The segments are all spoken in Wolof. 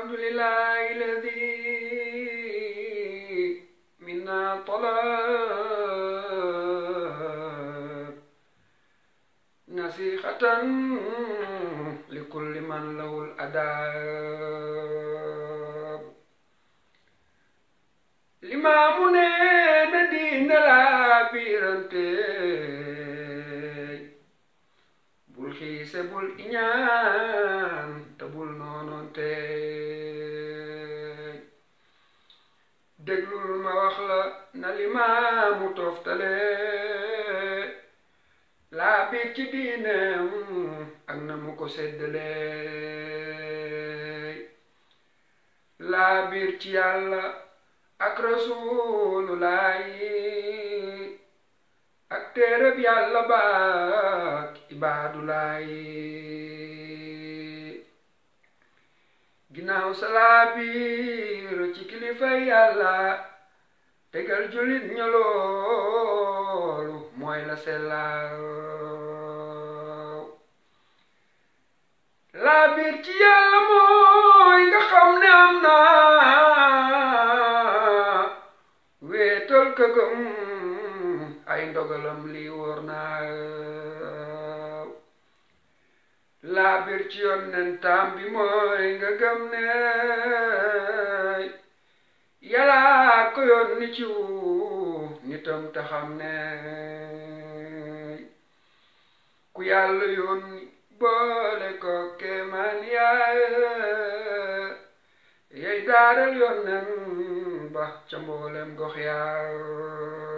الحمد لله الذي منا طلع نصيحة لكل من له الأداب من ندين لا بيرنتي بول خيسة بول إنيان noonoonteey déglul ma wax la na limaamu toftale laa biir ci diineem ak na mu ko laa biir ci yàlla ak rasuululaayi ak téereb yàlla baak ibaadulaayi ginnaaw salaa biiru ci kilifa yàlla tegal julit ña loolu mooy la sellaaw laa ci yàlla mooy nga xam am naa weetal këgëm ay ndogalam lii wóor naa bir ci yonentam bi mooy nga gëm ne yàlla ko yónni ci wu nitam te xam ne ku yàlla yónni boole ko kéemaan yaay yay daaral yónnen ba ca mboolem gox yaa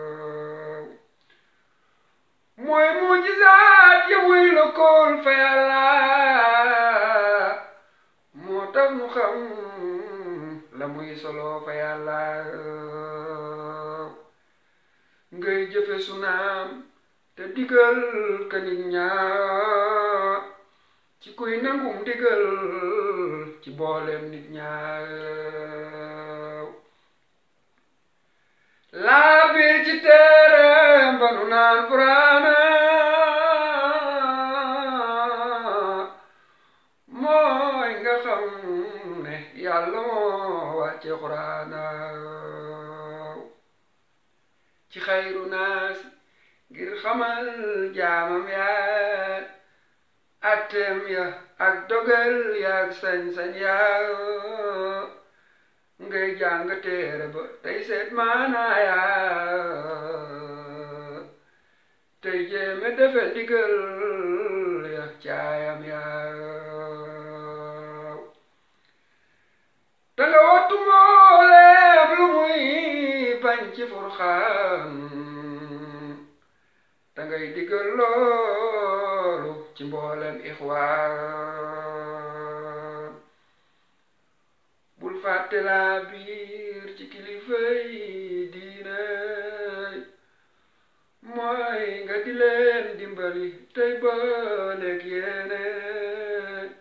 معجزات يوي لكون في الله موتاف مخم la, صلو في الله ngay jëfe su naam te digal ka nit ñaa ci kuy nangum digal ci booleem nit ñaa laa biir ci téere ba nu naan Qur'aana mooy nga xam ne yàlla moo wàcce Qur'aana ci xayru naas ngir xamal jaamam yaa atteem ya ak dogal ya ak sañ ngay jàng téere ba tey seet maanaaya tey jéeme defel ndigal ya caayam yaaw te nga wattu mbooleem lu muy bañ ci furxaan te ngay digal loolu ci mbooleem ixwaan la biir ci fei diine mooy nga di leen dimbali tey booleeg yéene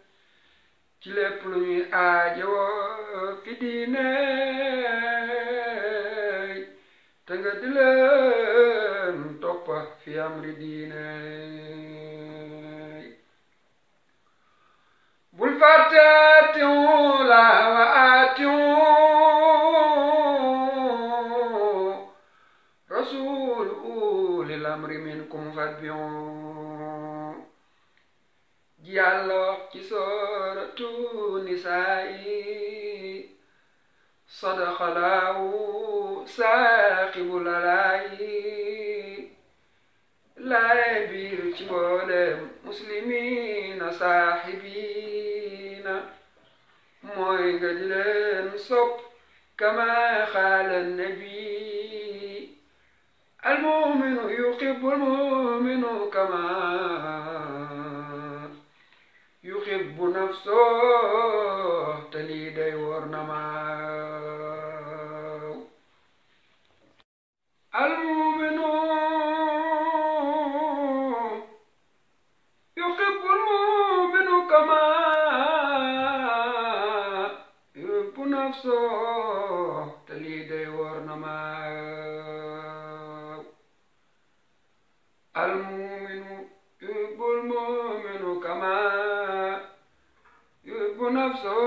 ci lépp lu ñuy aajowoo fi diine te nga di leen toppa fi amri diine bul جعلوك سورة النساء صدق له ساقب الألاي لا يبير جبال مسلمين صاحبين موي قدلن صب كما قال النبي المؤمن يقب المؤمن كما يحب نفسه يورنا معاو المؤمن يحب المؤمن كما يحب نفسه nafso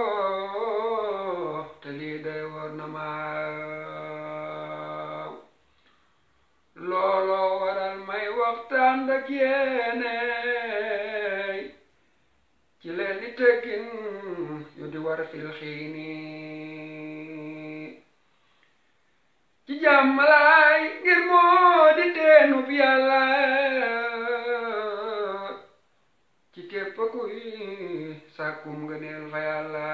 te lii day war na maaw looloo waral may waxtaan dak yéeney ci leen di tekkin yu di war fil xiini ci jàmmalaay ngir moo di teenu bi yàllaay képp kuy sàkkum ngëneel fa yàlla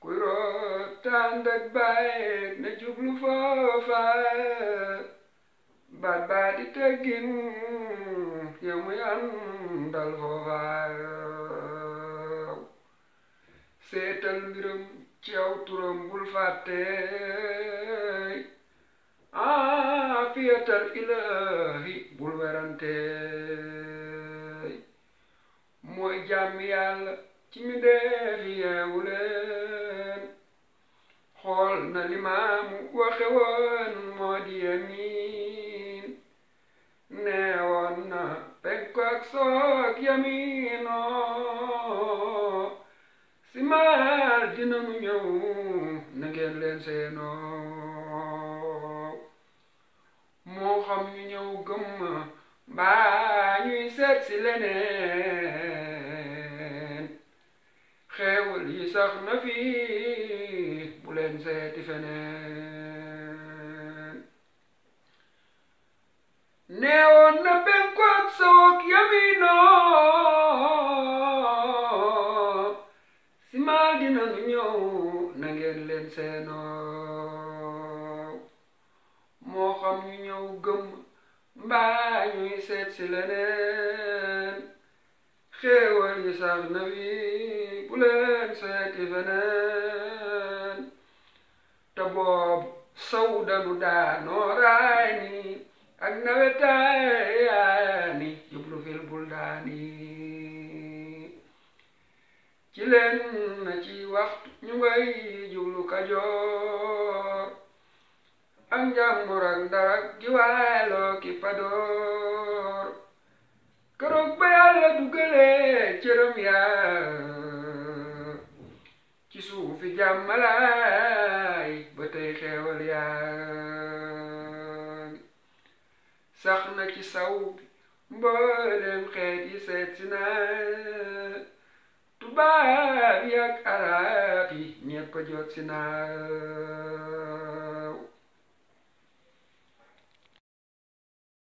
kuy rootaan ak bàyyi ne jublu foofa baat baa di teggin yow muy àndal foofa seetal mbiram ci aw turam bul fàtte aafiyatal ilaahi bul werante mooy jàmm yàlla ci mi def yeewu leen xool na limaamu waxe woon moo di yamin nee woon na penk ak soog yamin si leneen xeewal yi sax na fi bu leen seeti feneen neewoon na penku ak sow ak si maa dina nu ñëw na ngeen leen seenoo moo xam ñu ñëw gëm mbaa ñuy seet si leneen xisaab nabi bu leen seeti feneen te boobu sow danu daanoo raay ni ak nawetaani jublu fil buldaani ci leen na ci waxtu ñu ngay jublu kajoor am njàmbur ak dara gi waaloo ki jàmmalaay ba tey xeewal yaa sax na ci saw mbooleem xeet yi seet si tubaab yi ak arab yi ñépp jot